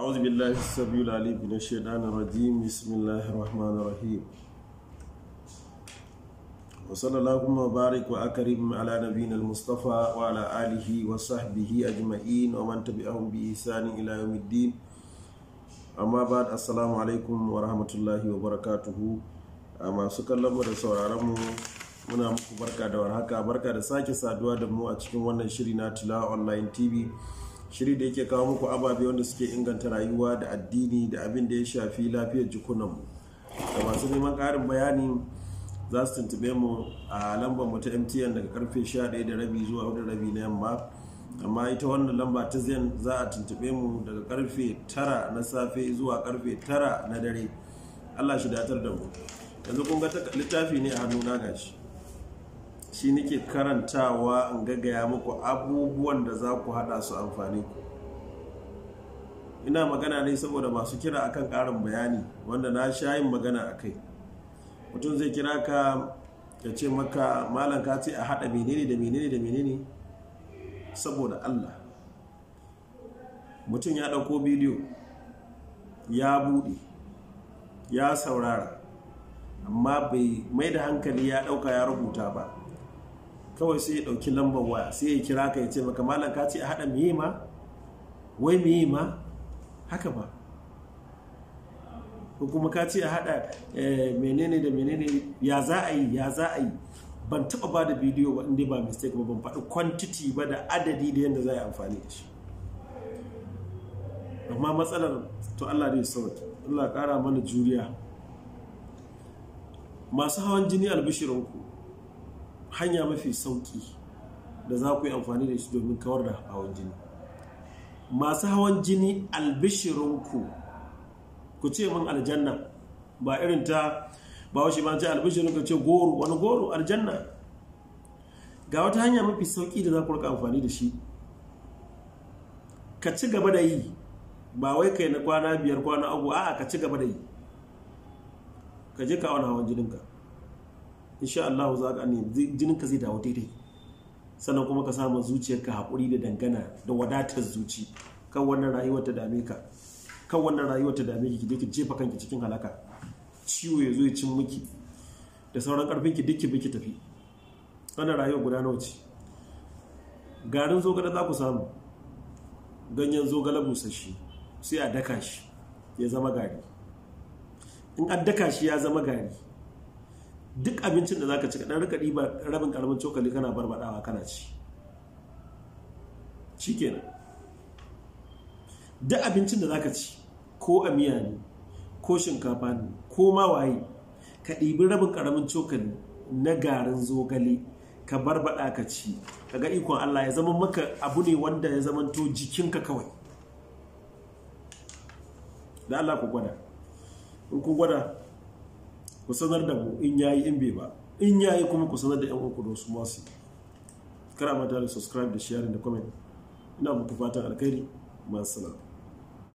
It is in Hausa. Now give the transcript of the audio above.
أعوذ بالله السميع العليم من الشيطان الرجيم بسم الله الرحمن الرحيم وصلى اللهم وبارك وأكرم على نبينا المصطفى وعلى da assalamu alaikum wa rahmatullahi wa barakatuhu a masu kallonmu da sauraronmu muna muku barka da warhaka barka da sake saduwa da mu a cikin wannan shiri na tula online tv shiri da yake kawo muku ababe wanda suke inganta rayuwa da addini da abin da ya shafi lafiyar jikunanmu da masu neman karin bayani za su tuntube mu a lambar mu ta mtn daga karfe 11 da zuwa 4 da rabi na yamma amma ita wannan lamba ta zen za a tuntube mu daga karfe 9 na safe zuwa karfe 9 na dare allah shi datar da mu yanzu kun littafi ne a hannu na gashi shi nake karantawa in gagaya muku abubuwan da za ku hada su amfani ku ina magana ne saboda masu kira akan karin bayani wanda na sha yin magana a kai mutum zai kira ka ya ce maka malam ka ce a hada menene da menene da menene saboda allah mutum ya dauko bidiyo ya bude ya saurara amma bai mai da hankali ya dauka ya rubuta ba kawai sai ya ɗauki lambar waya sai ya kira ka ya ce maka malam ka ce a haɗa miyi ma wai miyi ma haka ba ko kuma ka ce a haɗa eh, menene da menene ya za a yi ya za a yi ban taɓa ba da bidiyo ba inda ba mistake ba ban faɗi quantity ba da adadi da yadda za a yi amfani da shi amma matsalar to Allah ne sauki Allah ƙara mana juriya masu hawan jini albishirinku hanya mafi sauki da za ku yi amfani da shi domin kawar da hawan jini masu hawan jini albishirinku ku ce min aljanna ba irin ta ba washe ba ce albishirinku ce goro wani goro aljanna ga wata hanya mafi sauki da za ku raka amfani da shi ka ci gaba da yi ba wai kai na kwana biyar kwana abu a ka ci gaba da yi ka je ka auna hawan jininka insha Allah za ka nemi jinin ka zai dawo daidai sannan kuma ka samu zuciyarka haƙuri da dangana da wadatar zuci kan wannan rayuwar ta dame ka kan wannan rayuwar ta dame ki ki jefa kanki cikin halaka ciwo ya zo ya cin miki da sauran karfin ki dukki ki tafi wannan rayuwar guda nawa ce garin zogale za ku samu ganyen zogale busasshe sai a daka shi ya zama gari in an daka shi ya zama gari duk abincin da zaka ci ka dan rika rabin karamin cokali kana barbadawa kana ci shikenan duk abincin da zaka ci ko a miya ne ko shinkafa ne ko ma waye ka ɗibi rabin karamin cokali na garin zogale ka bar baɗa ka ci ka ga ikon Allah ya zama maka abu ne wanda ya zama to jikinka kawai da Allah ku gwada ku gwada ku sanar da mu in yayi in bai ba in yayi kuma ku sanar da yan uku su masu kara mata da subscribe da sharing da comment ina muku fatan alkhairi masu salama